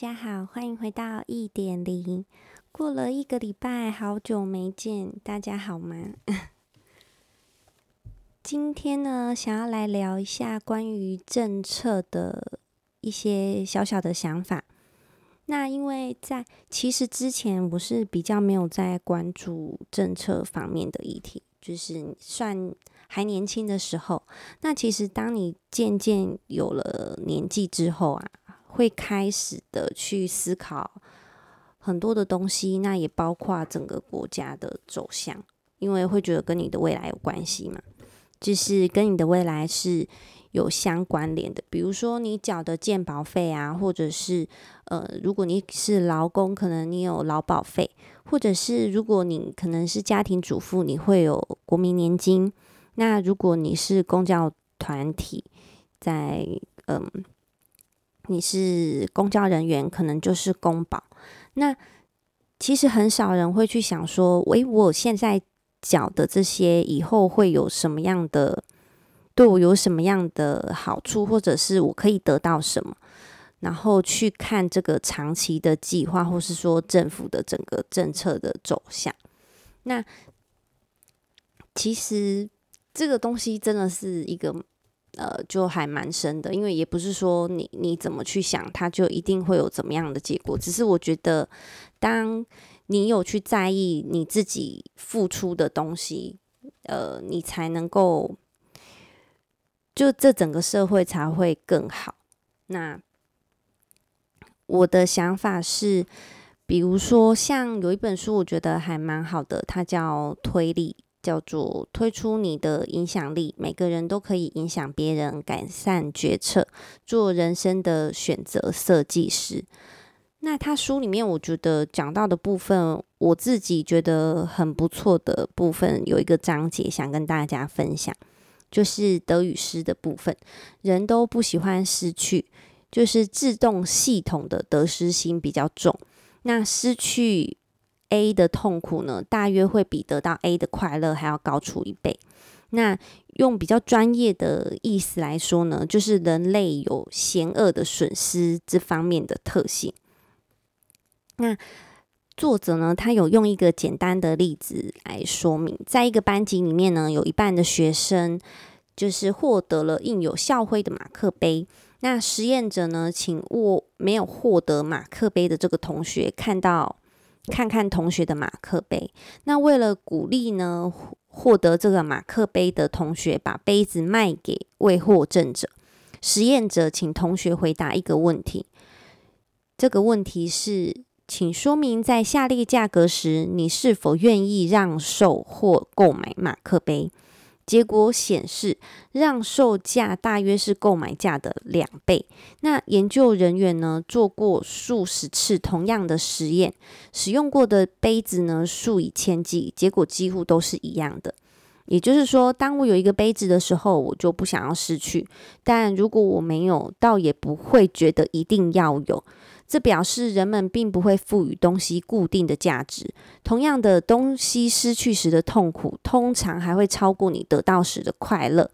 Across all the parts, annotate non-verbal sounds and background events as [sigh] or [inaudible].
大家好，歡迎回到一點零。過了一個禮拜，好久沒見，大家好嗎？ [laughs] 今天呢，想要來聊一下關於政策的一些小小的想法。那因為在其實之前，我是比較沒有在關注政策方面的議題，就是算還年輕的時候。那其實當你漸漸有了年紀之後啊。會開始的去思考很多的東西，那也包括整個國家的走向，因為會覺得跟你的未來有關係嘛，就是跟你的未來是有相關聯的。比如說你繳的健保費啊，或者是呃，如果你是勞工，可能你有勞保費，或者是如果你可能是家庭主婦，你會有國民年金。那如果你是公教團體，在嗯。你是公教人員，可能就是公保。那其實很少人會去想說，誒、欸，我現在繳的這些，以後會有什麼樣的，對我有什麼樣的好處，或者是我可以得到什麼？然後去看這個長期的計劃，或是說政府的整個政策的走向。那其實這個東西真的是一個。呃，就還蠻深的，因為也不是說你你怎麼去想，它就一定會有怎麼樣的結果。只是我覺得，當你有去在意你自己付出的東西，呃，你才能夠，就這整個社會才會更好。那我的想法是，比如說像有一本書，我覺得還蠻好的，它叫推《推力》。叫做推出你的影響力，每個人都可以影響別人，改善決策，做人生的選擇設計師。那他書裡面，我覺得講到的部分，我自己覺得很不錯的部分，有一個章節想跟大家分享，就是得與失的部分。人都不喜歡失去，就是自動系統的得失心比較重。那失去。A 的痛苦呢，大約會比得到 A 的快樂還要高出一倍。那用比較專業的意思來說呢，就是人類有嫌惡的損失這方面的特性。那作者呢，他有用一個簡單的例子來說明，在一個班級裡面呢，有一半的學生就是獲得了印有校徽的馬克杯。那實驗者呢，請握沒有獲得馬克杯的這個同學看到。看看同學的馬克杯。那為了鼓勵呢，獲得這個馬克杯的同學把杯子賣給未獲贈者。實驗者請同學回答一個問題。這個問題是，請說明在下列價格時，你是否願意讓售或購買馬克杯？結果顯示，讓售價大約是購買價的兩倍。那研究人員呢，做過數十次同樣的實驗，使用過的杯子呢，數以千計，結果幾乎都是一樣的。也就是說，當我有一個杯子的時候，我就不想要失去；但如果我沒有，倒也不會覺得一定要有。這表示人們並不會賦予東西固定的價值。同樣的東西失去時的痛苦，通常還會超過你得到時的快樂。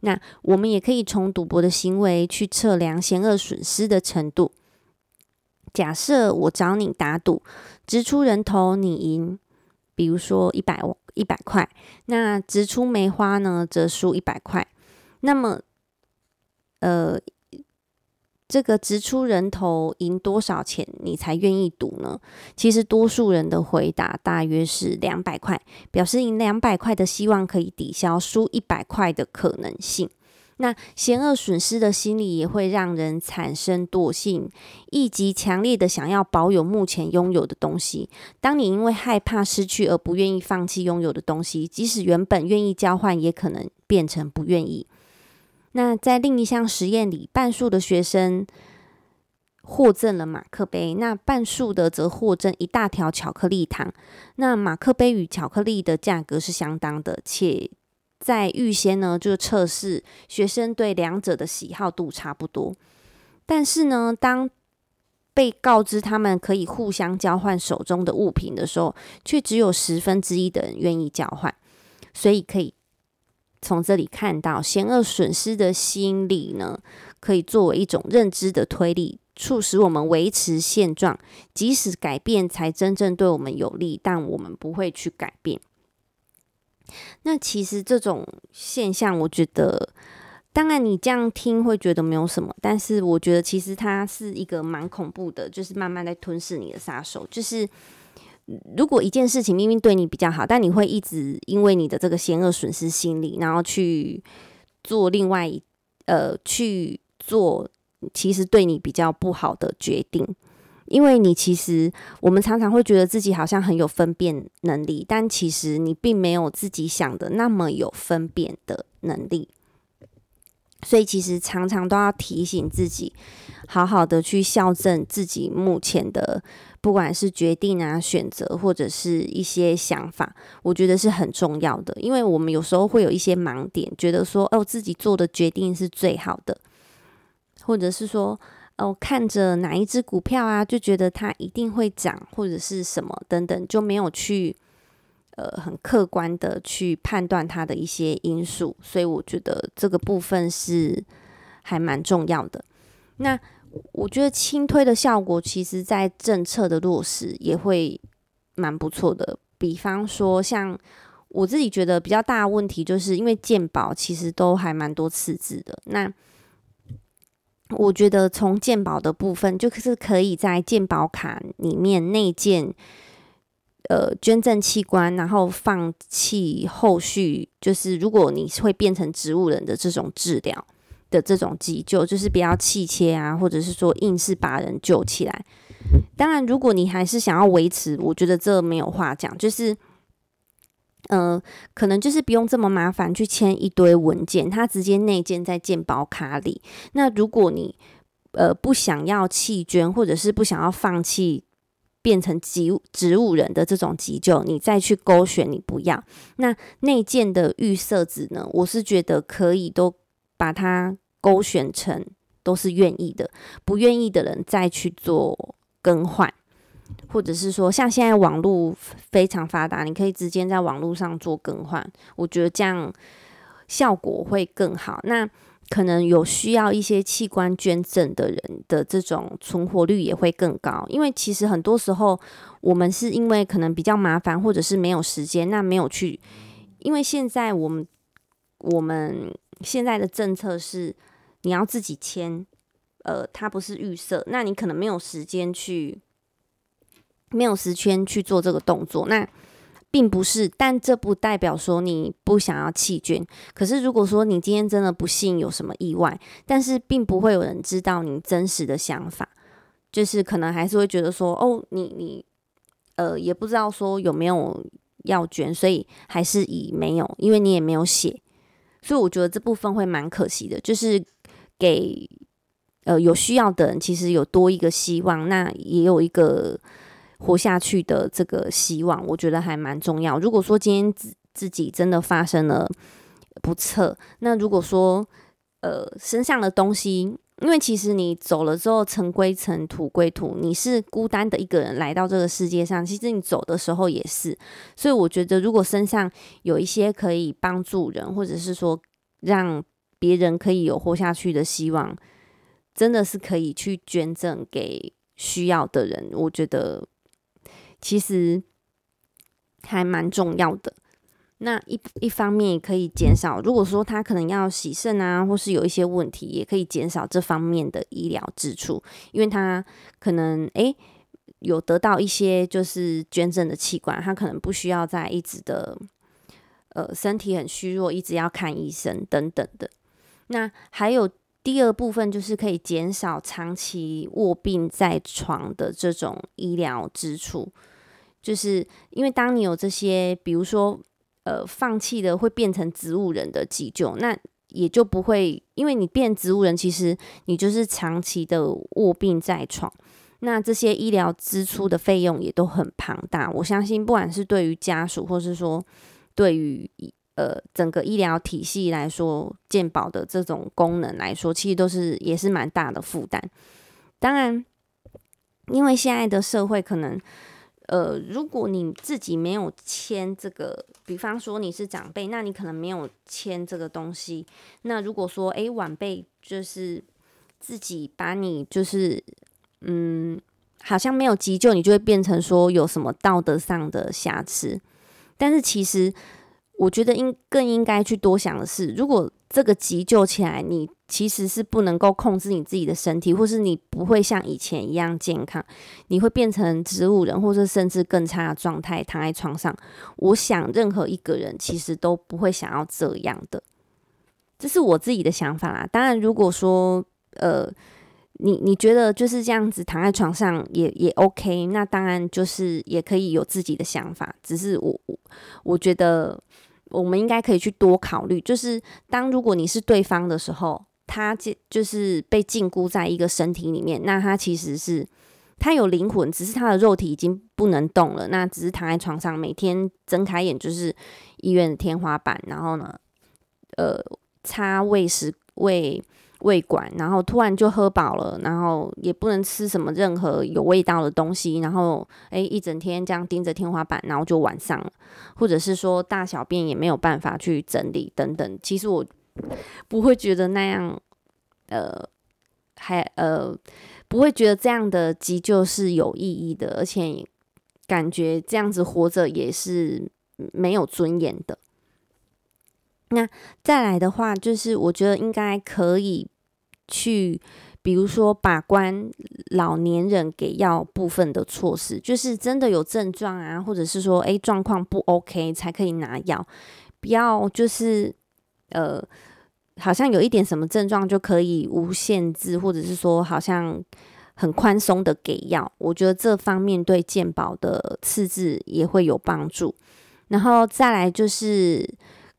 那我們也可以從賭博的行為去測量嫌惡損失的程度。假設我找你打賭，擲出人頭你贏，比如說一百一百塊，那擲出梅花呢則輸一百塊。那麼，呃。這個直出人頭贏多少錢，你才願意賭呢？其實多數人的回答大約是兩百塊，表示贏兩百塊的希望可以抵消輸一百塊的可能性。那嫌惡損失的心理也會讓人產生惰性，以及強烈的想要保有目前擁有的東西。當你因為害怕失去而不願意放棄擁有的東西，即使原本願意交換，也可能變成不願意。那在另一項實驗裡，半數的學生獲贈了馬克杯，那半數的則獲贈一大條巧克力糖。那馬克杯與巧克力的價格是相當的，且在預先呢就測試學生對兩者的喜好度差不多。但是呢，當被告知他們可以互相交換手中的物品的時候，卻只有十分之一的人願意交換，所以可以。從這裡看到，嫌惡損失的心理呢，可以作為一種認知的推力，促使我們維持現狀。即使改變才真正對我們有利，但我們不會去改變。那其實這種現象，我覺得，當然你這樣聽會覺得沒有什麼，但是我覺得其實它是一個蠻恐怖的，就是慢慢在吞噬你的殺手，就是。如果一件事情明明對你比較好，但你會一直因為你的這個嫌惡損失心理，然後去做另外一呃去做，其實對你比較不好的決定，因為你其實我們常常會覺得自己好像很有分辨能力，但其實你並沒有自己想的那麼有分辨的能力。所以，其實常常都要提醒自己，好好的去校正自己目前的，不管是決定啊、選擇或者是一些想法，我覺得是很重要的。因為我們有時候會有一些盲點，覺得說哦，自己做的決定是最好的，或者是說哦，看着哪一支股票啊，就覺得它一定會漲，或者是什麼等等，就沒有去。呃，很客觀的去判斷它的一些因素，所以我覺得這個部分是還蠻重要的。那我覺得輕推的效果，其實，在政策的落實也會蠻不錯的。比方說，像我自己覺得比較大的問題，就是因為健保其實都還蠻多次質的。那我覺得從健保的部分，就是可以在健保卡裡面內建。呃，捐贈器官，然後放棄後續，就是如果你會變成植物人的這種治療的這種急救，就是不要氣切啊，或者是說硬是把人救起來。當然，如果你還是想要維持，我覺得這沒有話講，就是，呃，可能就是不用這麼麻煩去簽一堆文件，它直接內建在健保卡裡。那如果你呃不想要器捐，或者是不想要放棄變成植植物人的這種急救，你再去勾選你不要。那內建的預設值呢？我是覺得可以都把它勾選成都是願意的，不願意的人再去做更換，或者是說，像現在網絡非常發達，你可以直接在網絡上做更換，我覺得這樣效果會更好。那可能有需要一些器官捐贈的人的這種存活率也會更高，因為其實很多時候我們是因為可能比較麻煩，或者是沒有時間，那沒有去，因為現在我們我們現在的政策是你要自己簽，呃，它不是預設，那你可能沒有時間去，沒有時間去做這個動作，那。並不是，但這不代表說你不想要棄捐。可是如果說你今天真的不幸有什麼意外，但是並不會有人知道你真實的想法，就是可能還是會覺得說，哦，你你呃也不知道說有沒有要捐，所以還是以沒有，因為你也沒有寫。所以我覺得這部分會蠻可惜的，就是給呃有需要的人其實有多一個希望，那也有一個。活下去的這個希望，我覺得還蠻重要。如果說今天自自己真的發生了不測，那如果說呃身上的東西，因為其實你走了之後塵歸塵，土歸土，你是孤單的一個人來到這個世界上，其實你走的時候也是。所以我覺得，如果身上有一些可以幫助人，或者是說讓別人可以有活下去的希望，真的是可以去捐贈給需要的人。我覺得。其實還蠻重要的。那一一方面也可以減少，如果說他可能要洗腎啊，或是有一些問題，也可以減少這方面的醫療支出，因為他可能、欸、有得到一些就是捐贈的器官，他可能不需要再一直的呃身體很虛弱，一直要看醫生等等的。那還有第二部分就是可以減少長期臥病在床的這種醫療支出。就是因為當你有這些，比如說，呃，放棄的會變成植物人的急救，那也就不會，因為你變植物人，其實你就是長期的臥病在床，那這些醫療支出的費用也都很龐大。我相信，不管是對於家屬，或是說對於呃整個醫療體系來說，健保的這種功能來說，其實都是也是蠻大的負擔。當然，因為現在的社會可能。呃，如果你自己沒有簽這個，比方說你是長輩，那你可能沒有簽這個東西。那如果說，哎，晚輩就是自己把你就是，嗯，好像沒有急救，你就會變成說有什麼道德上的瑕疵。但是其實。我覺得應更應該去多想的是，如果這個急救起來，你其實是不能夠控制你自己的身體，或是你不會像以前一樣健康，你會變成植物人，或者甚至更差的狀態，躺在床上。我想，任何一個人其實都不會想要這樣的，這是我自己的想法啦。當然，如果說呃，你你覺得就是這樣子躺在床上也也 OK，那當然就是也可以有自己的想法，只是我我我覺得。我們應該可以去多考慮，就是當如果你是對方的時候，他就、就是被禁錮在一個身體裡面，那他其實是他有靈魂，只是他的肉體已經不能動了，那只是躺在床上，每天睜開眼就是醫院的天花板，然後呢，呃，他餵食餵。胃管，然後突然就喝飽了，然後也不能吃什麼任何有味道的東西，然後誒一整天這樣盯着天花板，然後就晚上了，或者是說大小便也沒有辦法去整理等等。其實我不會覺得那樣，呃，還呃，不會覺得這樣的急救是有意義的，而且感覺這樣子活着也是沒有尊嚴的。那再來的話，就是我覺得應該可以。去，比如說把關老年人給藥部分的措施，就是真的有症狀啊，或者是說，誒狀況不 OK 才可以拿藥，不要就是呃，好像有一點什麼症狀就可以無限制，或者是說好像很寬鬆的給藥。我覺得這方面對健保的赤字也會有幫助。然後再來就是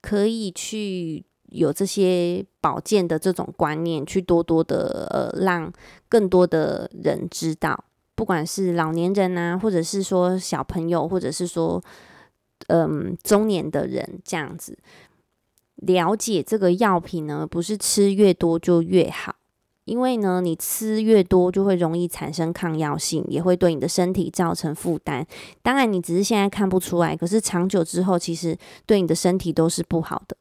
可以去。有這些保健的這種觀念，去多多的呃，讓更多的人知道，不管是老年人啊，或者是說小朋友，或者是說嗯中年的人，這樣子了解這個藥品呢，不是吃越多就越好，因為呢，你吃越多就會容易產生抗藥性，也會對你的身體造成負擔。當然，你只是現在看不出來，可是長久之後，其實對你的身體都是不好的。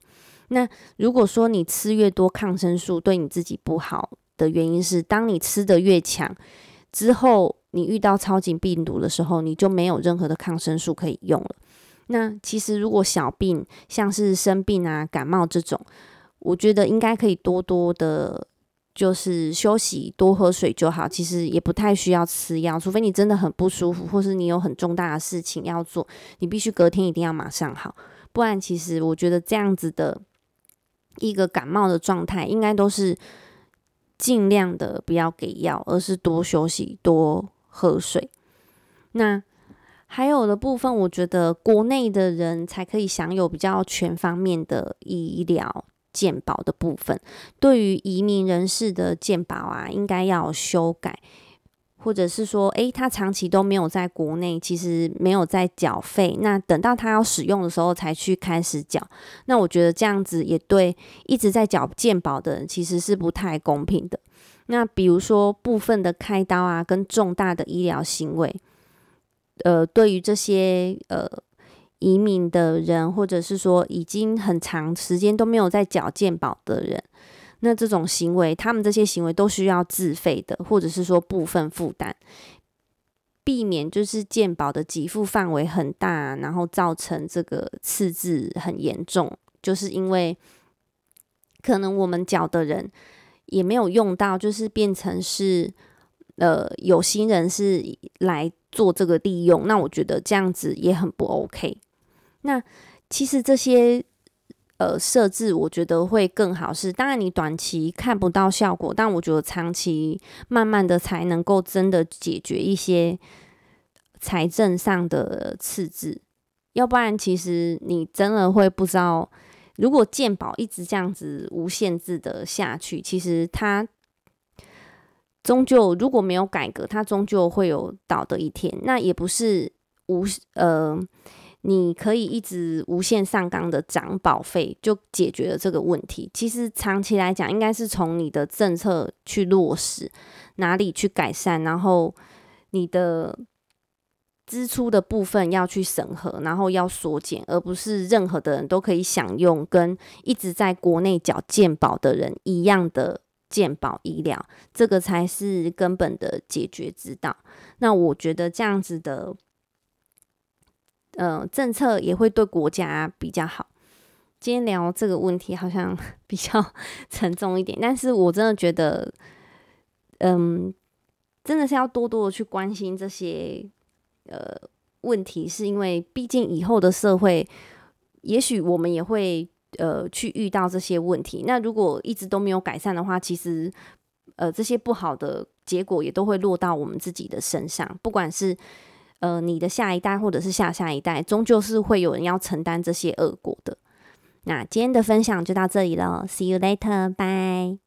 那如果說你吃越多抗生素，對你自己不好的原因是，當你吃得越強之後，你遇到超級病毒的時候，你就沒有任何的抗生素可以用了。那其實如果小病，像是生病啊、感冒這種，我覺得應該可以多多的，就是休息、多喝水就好。其實也不太需要吃藥，除非你真的很不舒服，或是你有很重大的事情要做，你必須隔天一定要馬上好，不然其實我覺得這樣子的。一個感冒的狀態，應該都是儘量的不要給藥，而是多休息、多喝水。那還有的部分，我覺得國內的人才可以享有比較全方面的醫療健保的部分。對於移民人士的健保啊，應該要修改。或者是說，誒，他長期都沒有在國內，其實沒有在繳費，那等到他要使用的時候才去開始繳，那我覺得這樣子也對一直在繳健保的人其實是不太公平的。那比如說部分的開刀啊，跟重大的醫療行為，呃，對於這些呃移民的人，或者是說已經很長時間都沒有在繳健保的人。那這種行為，他們這些行為都需要自費的，或者是說部分負擔，避免就是健保的給付範圍很大，然後造成這個赤字很嚴重，就是因為可能我們繳的人也沒有用到，就是變成是呃有心人士來做這個利用，那我覺得這樣子也很不 OK。那其實這些。呃，設置我覺得會更好是。是當然，你短期看不到效果，但我覺得長期慢慢的才能夠真的解決一些財政上的赤字。要不然，其實你真的會不知道，如果健保一直這樣子無限制的下去，其實它終究如果沒有改革，它終究會有倒的一天。那也不是無呃。你可以一直無限上綱的漲保費，就解決了這個問題。其實長期來講，應該是從你的政策去落實，哪裡去改善，然後你的支出的部分要去審核，然後要縮減，而不是任何的人都可以享用跟一直在國內繳健保的人一樣的健保醫療。這個才是根本的解決之道。那我覺得這樣子的。呃，政策也會對國家比較好。今天聊這個問題好像比較沉重一點，但是我真的覺得，嗯，真的是要多多的去關心這些呃問題，是因為畢竟以後的社會，也許我們也會呃去遇到這些問題。那如果一直都沒有改善的話，其實呃這些不好的結果也都會落到我們自己的身上，不管是。呃，你的下一代或者是下下一代，終究是會有人要承擔這些惡果的。那今天的分享就到這裡了，See you later，拜。